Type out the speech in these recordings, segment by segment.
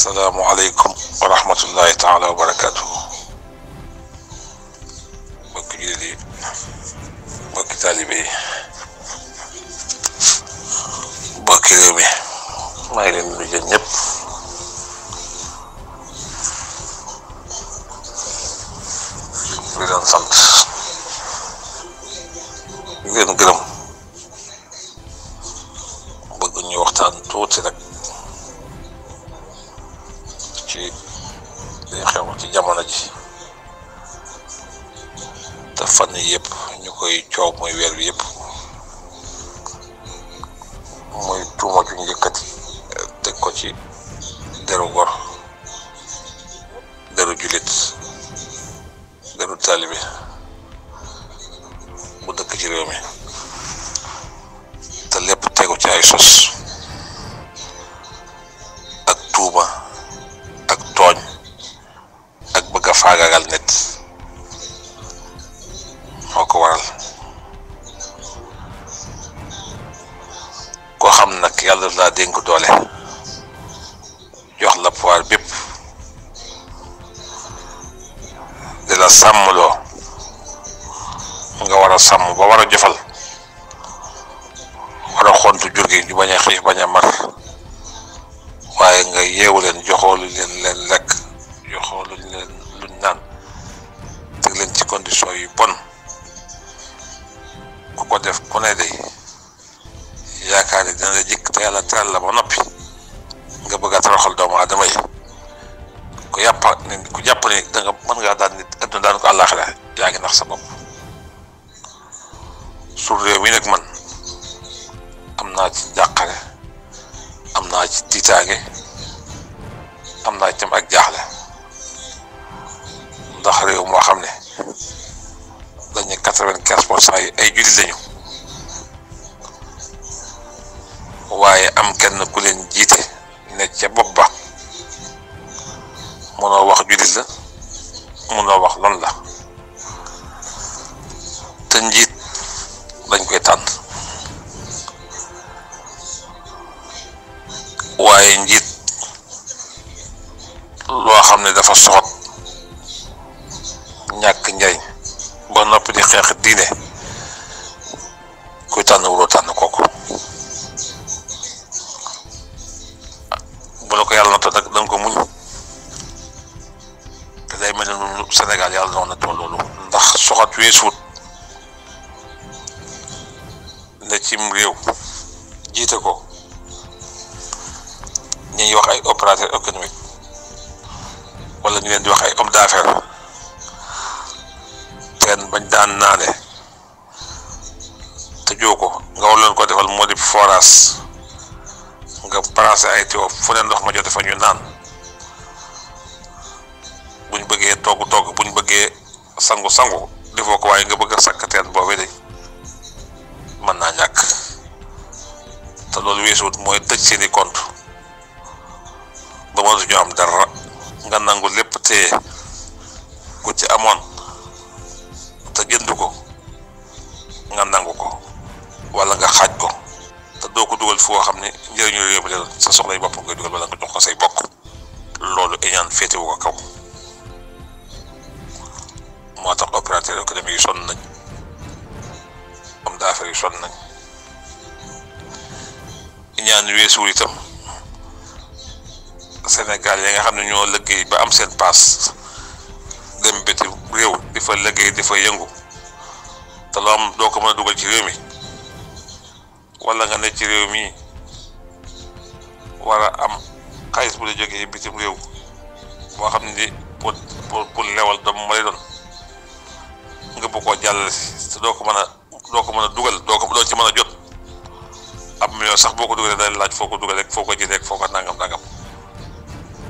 asalaamualeykum wa rahmatullahi taala wa barakaatu mbokki jullit yi mbokki taalibe yi mbokki réew mi maa ngi leen di nuyu ñëpp di leen sant di leen gërëm ci deru gor deru jullit deru taalibe bu dëkk ci réew mi te lépp tegu ci ay sos ak tuuba ak tooñ ak bëgg a faagaagal nit moo waral koo xam nag yàlla daf laa dénk doole la pouvoir bépp di la sàmmloo nga war a sàmm ba war a jofal war a xontu jur gi ñu bañ a xiif bañ a mar waaye nga yeewu leen joxoolu leen leen lekk joxoolu leen luñ naan teg leen ci condition yi bon ku ko def ku ne day yaakaar yi dina la jikk te yàlla teral la ba noppi nga bëgg a doomu aadama yi ku yàpp ne ku jàpp ne da nga mën ngaa daan nit adduna daan ko àllaaxira yaa ngi nax sa bopp su réew mi nag man am naa ci jàqare am naa ci tiitaange am naa ci tam ak jaaxle ndax réew moo xam ne dañu quatre-vingt-quinze pour cent ay jullit lañu waaye am kenn ku leen jiite nekk ca bopp ba mënoo wax jullit la mënoo wax lan la te njiit dañ koy tànn waaye njiit loo xam ne dafa soxot ñàkk njariñ ba noppi di xeex diine ko yàlla natt nag da nga ko muñ te day mel ne noonu Sénégal yàlla doon nattoo loolu ndax soxat weesuut ne cim réew jiite ko ñuy wax ay opérateur économique wala ñu leen di wax ay homme d'affaires teen bañ daan naane te joo nga war leen ko defal moo di nga placé ay tuyau fu ne ndox ma jote fa ñu naan buñ bëggee toogu toog buñ bëggee sangu sangu defoo ko waaye nga bëgg a sakk teen boobee mën naa ñàkk te loolu weesuwut mooy tëj seeni compte ba mënatuñu am dara nga nangu lépp téye ku ci amoon te jënd ko nga nangu ko walla nga xaaj ko doo ko dugal foo xam ne njëriñu la yóbbu sa soxlay bopp nga koy dugal wala nga jox ko say bokk loolu éñaan féetewu ko kaw moo tax opérateur économique yi sonn nañ homme d'affaires yi son nañ ñaan weesuwul itam Sénégal yi nga xam ne ñoo liggéey ba am seen paas dem bitim réew di fa liggéey di fa yëngu te loo am doo ko mën a dugal ci réew mi. wala nga ne ci réew mi war a am xaalis bu la jógee bitim réew boo xam ne pour pour pour lewal doomu ma lay doon nga bëgg koo jàllale si te doo ko mën a doo ko mën a dugal doo ko doo ci mën a jot am million sax boo ko dugalee day laaj foo ko dugalee foo ko jëlee foo ko nangam nangam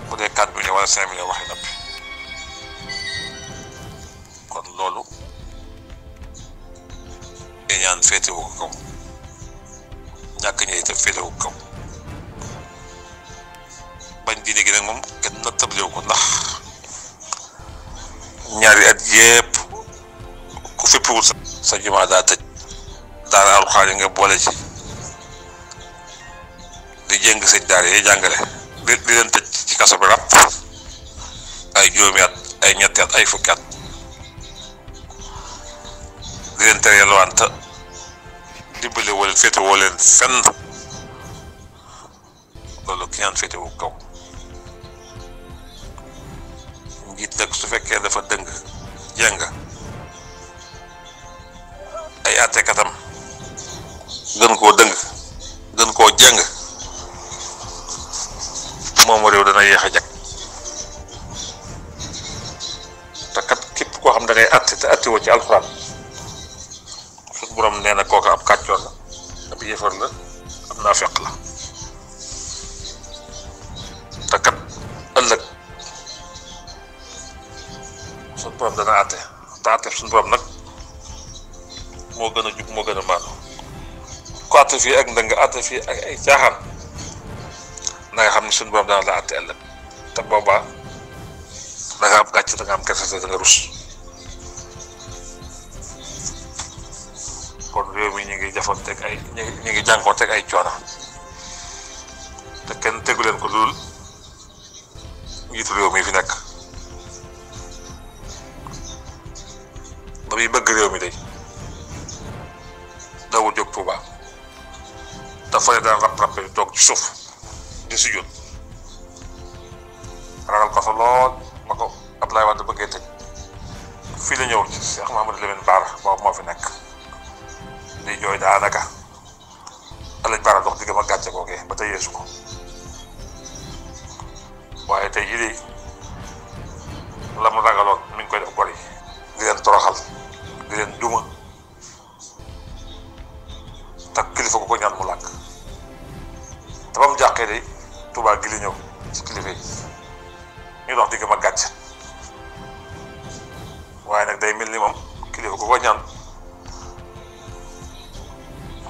bu dee quatre millions wala cinq millions waxi noppi kon loolu. ñaan féete wu ko kaw. ñàkk ñëw itam féetewu kaw bañ diine gi nag moom kenn na ko ndax ñaari at yépp ku fippiwul sa jumaa daa tëj daara alxuraan yi nga boole ci di jëng sëñ daara yi jàngale di di leen tëj ci kaso bi ay juróomi at ay ñetti at ay fukki at di leen tere yalwaante dimbale woo leen féete woo leen fenn loolu kiñaan féete wu kaw njiit nag su fekkee dafa dëng jeng ay àttekatam gën koo dëng gën koo jeng moom réew dana yéex a jag te kat képp koo xam da ngay àtte te àttewoo ci alxuraan borom nee na kooka ab kàccoor la ab yéefar la na naafeq la te kat ëllëg suñ borom dana àtte te àtte suñ borom nag moo gën a jub moo gën a maanu ku àtte fii ak ndëng àtte fii ak ay caaxaan na nga xam ne suñ borom dana la àtte booba te boobaa da nga am gàcc da nga am rus kon réew mi ñu ngi teg ay ñu ngi ñu ngi ay coono te kenn tegu leen ko lool njiitu réew mi fi nekk ba muy bëgg réew mi day dawul jóg Tuuba dafa daan rap-rappe toog ci suuf. day jooy daanaka alañ bara dox diggam ak gàcce googee ba tey yeesu ko waaye tey jii de la mu ragaloon mi ngi koy def gor yi di toroxal di leen duma te kilifa ko ñaan mu làkk te ba de Tuubaa gi ñëw ci kilifa ñu dox diggam ak gàcce waaye nag day mel ni moom kilifa ko ñaan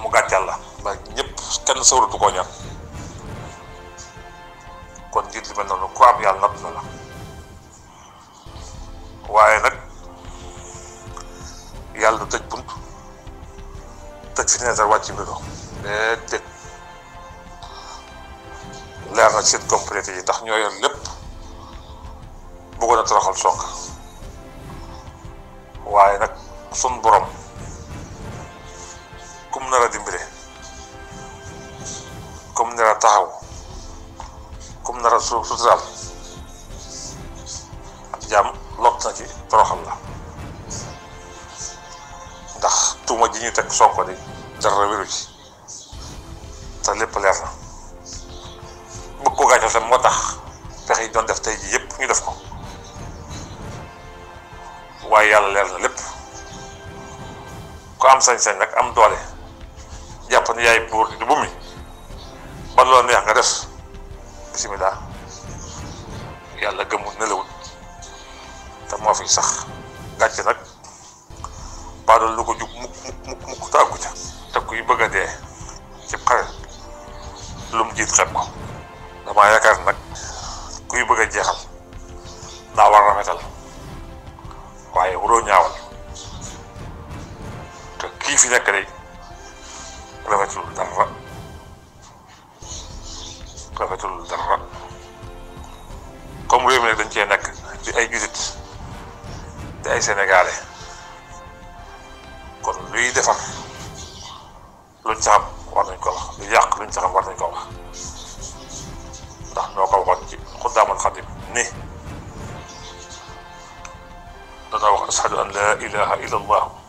mu gàccal la ndax ñëpp kenn sawratu koo ñor kon njiit li mel noonu ku am yàlla natt na la waaye nag yàlla du tëj bunt tëj fenêtre wàcc bureau mais tëj leer na seen complète yi ndax ñoo yor lépp bëggoon a toroxal Sonko waaye nag sun borom kum nar a dimbale kum nar taxaw kum nar a su suturaal ab jaam lott na ci toroxal la ndax tuuma ji ñu teg Sonko di dara wéru ci te lépp leer na bëgg ko gaañoo tam moo tax pexe yi doon def tey jii yëpp ñu def ko waaye yàlla leer na lépp ku am sañ-sañ nag am doole jàpp yaay buur di bu mi ba loo neex nga def bisimilah yàlla gëmul nelawul te moo fi sax gàcce nag baadool lu ko jub mukk mukk mukk tàggu ca te kuy bëgg a dee ci xare lu mu jiit xeb ko damaa yaakaar nag kuy bëgg a jeexal daa war rafetal waaye waroo ñaawal kii fi nekk day rafetul dara rafetul dara comme réew mi nag dañ cee nekk di ay jullit di ay sénégalais kon luy defar luñ ci xam war nañ ko wax lu yàq luñ ci xam war nañ ko wax ndax noo ko waxoon ci xuddaamal xadim ni dana wax ashadu an la ilaha illa allah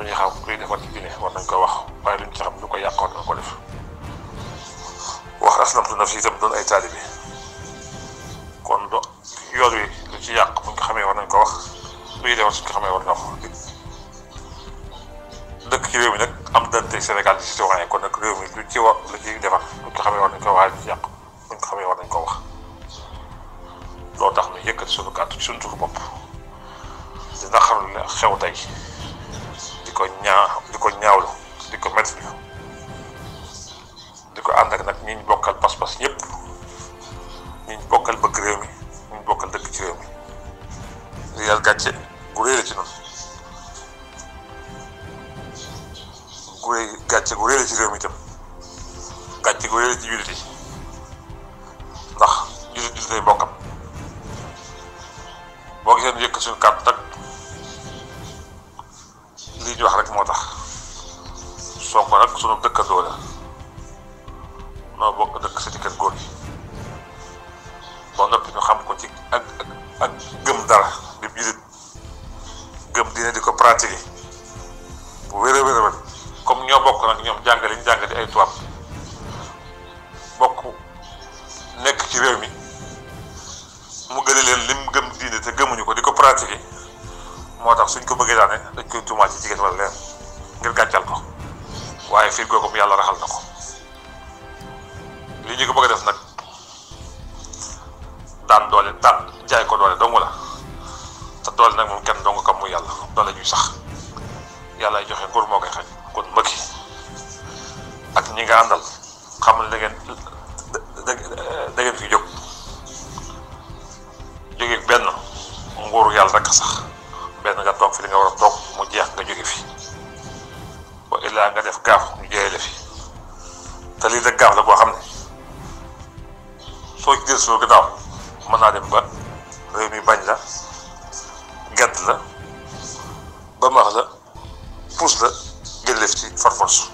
lu ñu xam luy defar ci diine war nañ koo wax waaye luñ ci xam lu ko yàq war nañ ko def wax aslamtu nafsi itam doon ay taalibe kon do yoon wi lu ci yàq buñ ko xamee war nañ ko wax luy defar xamee war nañ dëkk ci réew mi nag am dante Sénégal si citoyen kon nag réew mi lu ci war lu ci defar buñ ko xamee war nañ ko wax yàq buñ ko xamee war ko wax loo tax ñu yëkkati suñu kàddu ci suñu turu bopp di naqarlu xew tey ko di ko ñaawlu di ko métti di ko ànd ak nag ñi bokkal pas-pas ñëpp ñi bokkal bëgg réew mi ñi bokkal dëkk ci réew mi di gu réer ci ci réew mi itam gàcce gu réer ci jullit ndax jullit jullit ay bokkam boo gisee ñu yëkk suñu kàddu nag Sonko nag sunu dëkkandoo la noo bokk dëkk si kër góor ba noppi ñu xam ko ci ak ak gëm dara di jullit gëm dina di ko pratiquer bu wéra wéra comme ñoo bokk nag ñoom jàngale ñu jàngale ay tubaab bokk nekk ci réew mi mu gën a leen lim gëm diine te gëmuñu ko di ko pratiquer moo tax suñ ko bëggee daane dañ koy tuumaal ci jigéen wala leen waaye fiir googu mu yàlla raxal na ko li ñu ko bëgg def nag daan doole daan jaay ko doole dong la te doole nag moom kenn dong kam mu yàlla doole ñuy sax yàlla joxe nguur moo koy xañ kon mbëkki ak ñi nga àndal xam ne da fi jóg jóge benn nguur yàlla rek sax soo gannaaw mën naa dem ba réew mi bañ la gert la ba max la puus la gëllëf ci farforce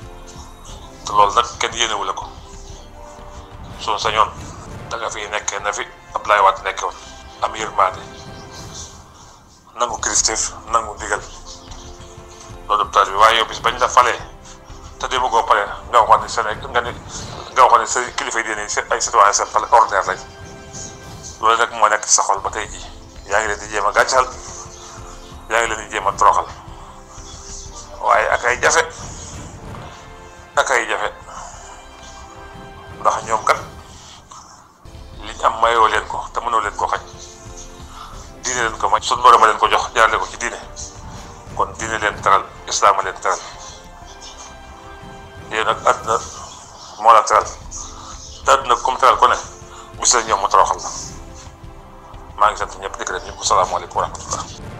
te loolu nag kenn yéenewu la ko soo sañoon da nga fi nekkee na fi Abdoulaye Wade nekke woon am yërmaande nangu kilifteef nangu ndigal loolu taal bi waaye yow bañ la falee te dee bëggoo pare nga wax ne Sénégal nga ne nga waxoon ne sa kilifa yi di ne ay citoyen simple ordinaire lañ loolu nag moo nekk sa xol ba tey ji yaa ngi leen di jéem a gàccal yaa ngi leen di jéem a waaye ak ay jafe akay ay jafe ndax ñoom kat liñ am mayoo leen ko te mënoo leen ko xaj diine leen ko may suñ borom a ko jox jaarale ko ci diine kon diine leen teral islaama leen teral yéen ak àdduna moo la teral te nag comme teral ko ne bis la ñëw mu toroxal maa ngi sant ñëpp di ko def ñëpp salaamaaleykum wa rahmatullah